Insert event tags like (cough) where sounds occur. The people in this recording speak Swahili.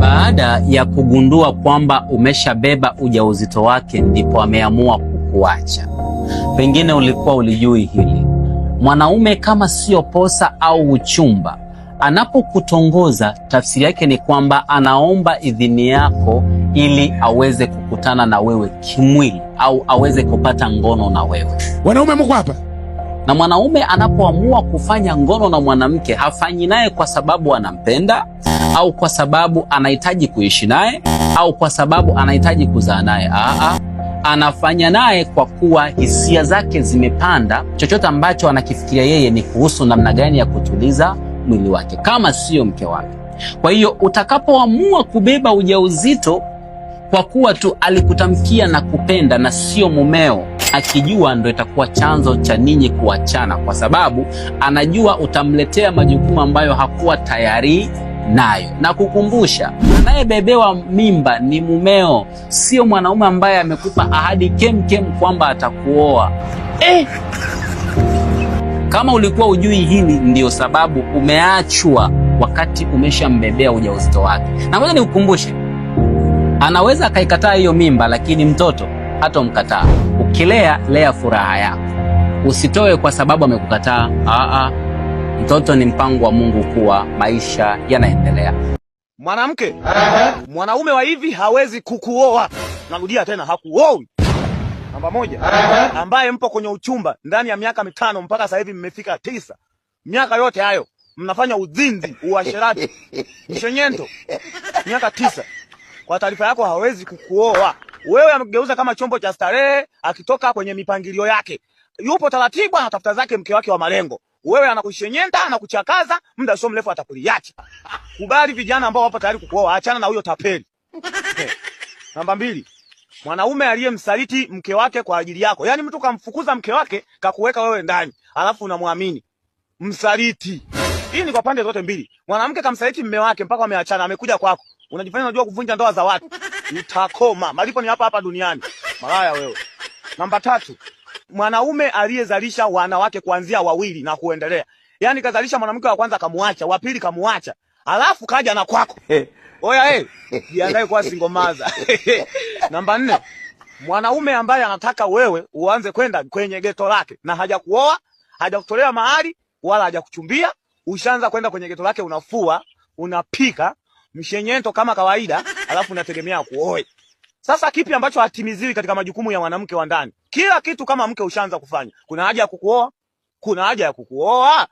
Baada ya kugundua kwamba umeshabeba ujauzito wake, ndipo ameamua kukuacha. Pengine ulikuwa ulijui hili. Mwanaume kama sio posa au uchumba, anapokutongoza tafsiri yake ni kwamba anaomba idhini yako ili aweze kukutana na wewe kimwili au aweze kupata ngono na wewe. Wanaume mko hapa? Na mwanaume anapoamua kufanya ngono na mwanamke hafanyi naye kwa sababu anampenda au kwa sababu anahitaji kuishi naye au kwa sababu anahitaji kuzaa naye. Ah, ah. anafanya naye kwa kuwa hisia zake zimepanda. Chochote ambacho anakifikiria yeye ni kuhusu namna gani ya kutuliza mwili wake, kama sio mke wake. Kwa hiyo utakapoamua kubeba ujauzito kwa kuwa tu alikutamkia na kupenda na sio mumeo, akijua ndo itakuwa chanzo cha ninyi kuachana, kwa sababu anajua utamletea majukumu ambayo hakuwa tayari nayo. Na kukumbusha, anayebebewa mimba ni mumeo, sio mwanaume ambaye amekupa ahadi kemkem kwamba atakuoa eh. Kama ulikuwa ujui hili, ndiyo sababu umeachwa wakati umeshambebea ujauzito wake. Na ngoja nikukumbushe, anaweza akaikataa hiyo mimba, lakini mtoto hata umkataa Ukilea, lea furaha yako, usitoe kwa sababu amekukataa. Ah, ah. Mtoto ni mpango wa Mungu kuwa maisha yanaendelea. Mwanamke mwanaume wa hivi hawezi kukuoa. Narudia tena, hakuoi Namba moja ambaye mpo kwenye uchumba ndani ya miaka mitano mpaka sasa hivi mmefika tisa, miaka yote hayo mnafanya uzinzi, uasherati, mshenyento, miaka tisa. Kwa taarifa yako, hawezi kukuoa wewe. Amgeuza kama chombo cha starehe, akitoka kwenye mipangilio yake. Yupo taratibu, anatafuta zake mke wake wa malengo. Wewe anakushenyenta anakuchakaza, muda sio mrefu atakuliacha. Kubali vijana ambao wapo tayari kukuoa, achana na huyo tapeli. Okay. Namba mbili. Mwanaume aliyemsaliti mke wake kwa ajili yako. Yaani mtu kamfukuza mke wake, kakuweka wewe ndani, alafu unamwamini. Msaliti. Hii ni kwa pande zote mbili. Mwanamke kamsaliti mme wake mpaka ameachana, amekuja kwako. Unajifanya unajua kuvunja ndoa za watu. Utakoma. Malipo ni hapa hapa duniani. Malaya wewe. Namba tatu mwanaume aliyezalisha wanawake kuanzia wawili na kuendelea, yaani kazalisha mwanamke wa kwanza kamuacha, wa pili kamuacha, alafu kaja na kwako (laughs) oya, eh jiandae kwa single mother. (laughs) Namba nne, mwanaume ambaye anataka wewe uanze kwenda kwenye geto lake na hajakuoa hajakutolea mahari wala hajakuchumbia, ushaanza kwenda kwenye geto lake, unafua unapika mshenyento kama kawaida, alafu unategemea kuoe. Sasa kipi ambacho hatimiziwi katika majukumu ya mwanamke wa ndani? Kila kitu kama mke ushaanza kufanya. Kuna haja ya kukuoa? Kuna haja ya kukuoa?